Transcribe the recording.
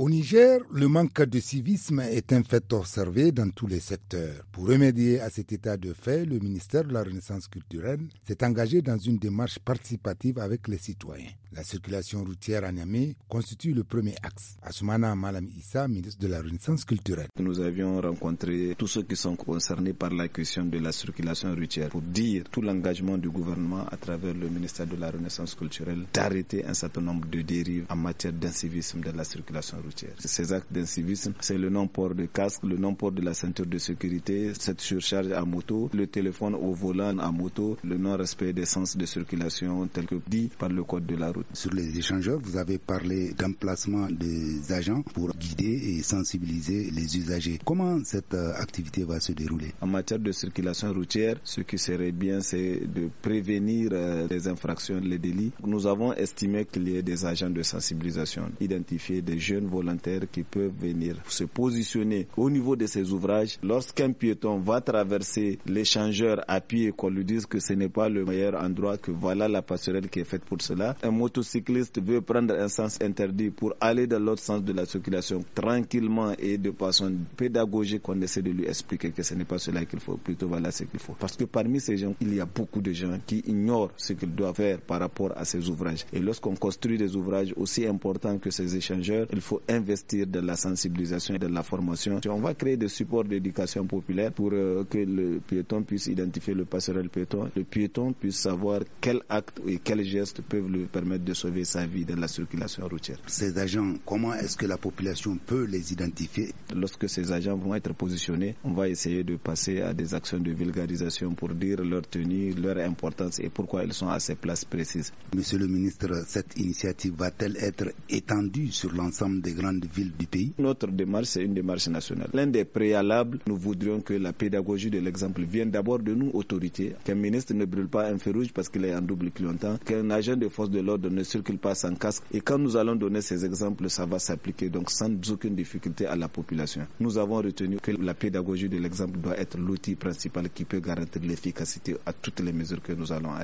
Au Niger, le manque de civisme est un fait observé dans tous les secteurs. Pour remédier à cet état de fait, le ministère de la Renaissance culturelle s'est engagé dans une démarche participative avec les citoyens. La circulation routière à Niamey constitue le premier axe. Asumana Malam Issa, ministre de la Renaissance culturelle. Nous avions rencontré tous ceux qui sont concernés par la question de la circulation routière pour dire tout l'engagement du gouvernement à travers le ministère de la Renaissance culturelle d'arrêter un certain nombre de dérives en matière d'incivisme de la circulation routière. Ces actes d'incivisme, c'est le non-port de casque, le non-port de la ceinture de sécurité, cette surcharge à moto, le téléphone au volant à moto, le non-respect des sens de circulation tel que dit par le code de la route. Sur les échangeurs, vous avez parlé d'emplacement des agents pour guider et sensibiliser les usagers. Comment cette euh, activité va se dérouler En matière de circulation routière, ce qui serait bien, c'est de prévenir euh, les infractions, les délits. Nous avons estimé qu'il y ait des agents de sensibilisation, identifier des jeunes volontaires qui peuvent venir se positionner au niveau de ces ouvrages. Lorsqu'un piéton va traverser l'échangeur à pied, qu'on lui dise que ce n'est pas le meilleur endroit, que voilà la passerelle qui est faite pour cela. Un motocycliste veut prendre un sens interdit pour aller dans l'autre sens de la circulation tranquillement et de façon pédagogique, on essaie de lui expliquer que ce n'est pas cela qu'il faut, plutôt voilà ce qu'il faut. Parce que parmi ces gens, il y a beaucoup de gens qui ignorent ce qu'ils doivent faire par rapport à ces ouvrages. Et lorsqu'on construit des ouvrages aussi importants que ces échangeurs, il faut investir dans la sensibilisation et de la formation. On va créer des supports d'éducation populaire pour euh, que le piéton puisse identifier le passerelle piéton, le piéton puisse savoir quels actes et quels gestes peuvent lui permettre de sauver sa vie dans la circulation routière. Ces agents, comment est-ce que la population peut les identifier Lorsque ces agents vont être positionnés, on va essayer de passer à des actions de vulgarisation pour dire leur tenue, leur importance et pourquoi ils sont à ces places précises. Monsieur le ministre, cette initiative va-t-elle être étendue sur l'ensemble des grandes villes du pays. Notre démarche, est une démarche nationale. L'un des préalables, nous voudrions que la pédagogie de l'exemple vienne d'abord de nous, autorités, qu'un ministre ne brûle pas un feu rouge parce qu'il est en double clientèle, qu'un agent de force de l'ordre ne circule pas sans casque. Et quand nous allons donner ces exemples, ça va s'appliquer donc sans aucune difficulté à la population. Nous avons retenu que la pédagogie de l'exemple doit être l'outil principal qui peut garantir l'efficacité à toutes les mesures que nous allons arrêter.